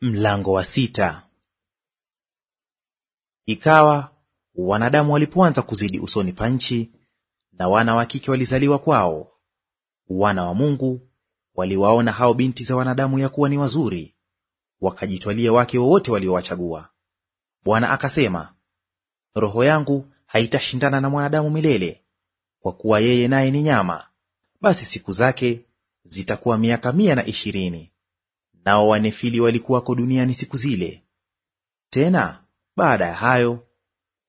Mlango wa sita. Ikawa wanadamu walipoanza kuzidi usoni pa nchi, na wana wa kike walizaliwa kwao, wana wa Mungu waliwaona hao binti za wanadamu ya kuwa ni wazuri, wakajitwalia wake wowote waliowachagua. Bwana akasema, roho yangu haitashindana na mwanadamu milele, kwa kuwa yeye naye ni nyama, basi siku zake zitakuwa miaka mia na ishirini. Nao Wanefili walikuwako duniani siku zile. Tena baada ya hayo,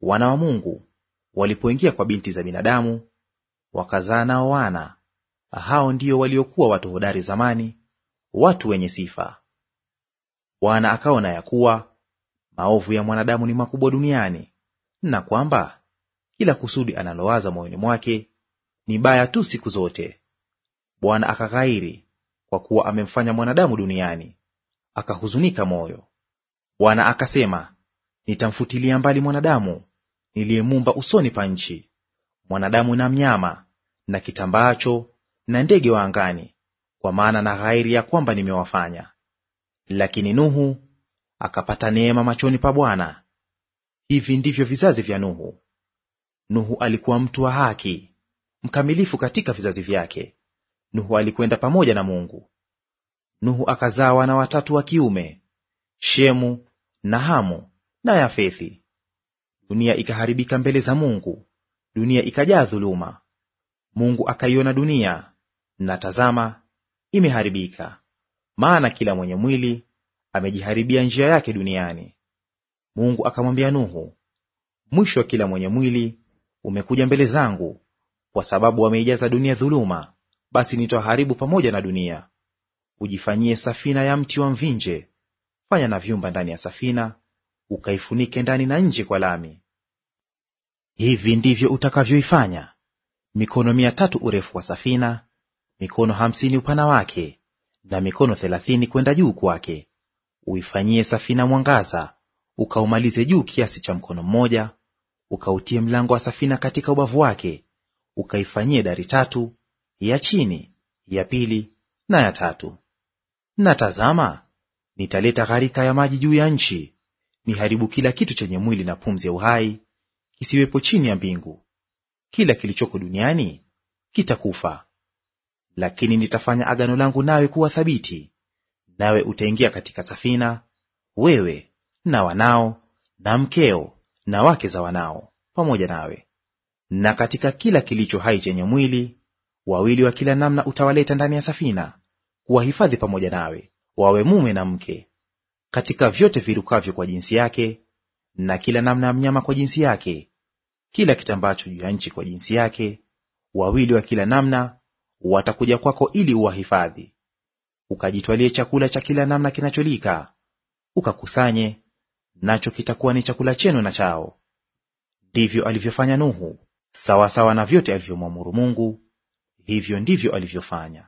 wana wa Mungu walipoingia kwa binti za binadamu, wakazaa nao wana. Hao ndio waliokuwa watu hodari zamani, watu wenye sifa. Bwana akaona ya kuwa maovu ya mwanadamu ni makubwa duniani, na kwamba kila kusudi analowaza moyoni mwake ni baya tu siku zote. Bwana akaghairi kwa kuwa amemfanya mwanadamu duniani, akahuzunika moyo. Bwana akasema, nitamfutilia mbali mwanadamu niliyemumba usoni pa nchi, mwanadamu na mnyama na kitambaacho na ndege wa angani, kwa maana na ghairi ya kwamba nimewafanya. Lakini Nuhu akapata neema machoni pa Bwana. Hivi ndivyo vizazi vya Nuhu. Nuhu alikuwa mtu wa haki mkamilifu katika vizazi vyake, Nuhu alikwenda pamoja na Mungu. Nuhu akazaa wana watatu wa kiume, Shemu na Hamu na Yafethi. Dunia ikaharibika mbele za Mungu, dunia ikajaa dhuluma. Mungu akaiona dunia, na tazama, imeharibika, maana kila mwenye mwili amejiharibia njia yake duniani. Mungu akamwambia Nuhu, mwisho wa kila mwenye mwili umekuja mbele zangu, kwa sababu wameijaza dunia dhuluma, basi nitaharibu pamoja na dunia. Ujifanyie safina ya mti wa mvinje, fanya na vyumba ndani ya safina, ukaifunike ndani na nje kwa lami. Hivi ndivyo utakavyoifanya: mikono mia tatu urefu wa safina, mikono hamsini upana wake, na mikono thelathini kwenda juu kwake. Uifanyie safina mwangaza, ukaumalize juu kiasi cha mkono mmoja, ukautie mlango wa safina katika ubavu wake, ukaifanyie dari tatu ya chini, ya pili na ya tatu. Na tazama, nitaleta gharika ya maji juu ya nchi, niharibu kila kitu chenye mwili na pumzi ya uhai, kisiwepo chini ya mbingu. Kila kilichoko duniani kitakufa. Lakini nitafanya agano langu nawe kuwa thabiti, nawe utaingia katika safina, wewe na wanao na mkeo na wake za wanao pamoja nawe, na katika kila kilicho hai chenye mwili Wawili wa kila namna utawaleta ndani ya safina, kuwahifadhi pamoja nawe, wawe mume na mke. Katika vyote virukavyo kwa jinsi yake, na kila namna ya mnyama kwa jinsi yake, kila kitambacho juu ya nchi kwa jinsi yake, wawili wa kila namna watakuja kwako ili uwahifadhi. Ukajitwalie chakula cha kila namna kinacholika, ukakusanye nacho, kitakuwa ni chakula chenu na chao. Ndivyo alivyofanya Nuhu, sawasawa na vyote alivyomwamuru Mungu Hivyo ndivyo alivyofanya.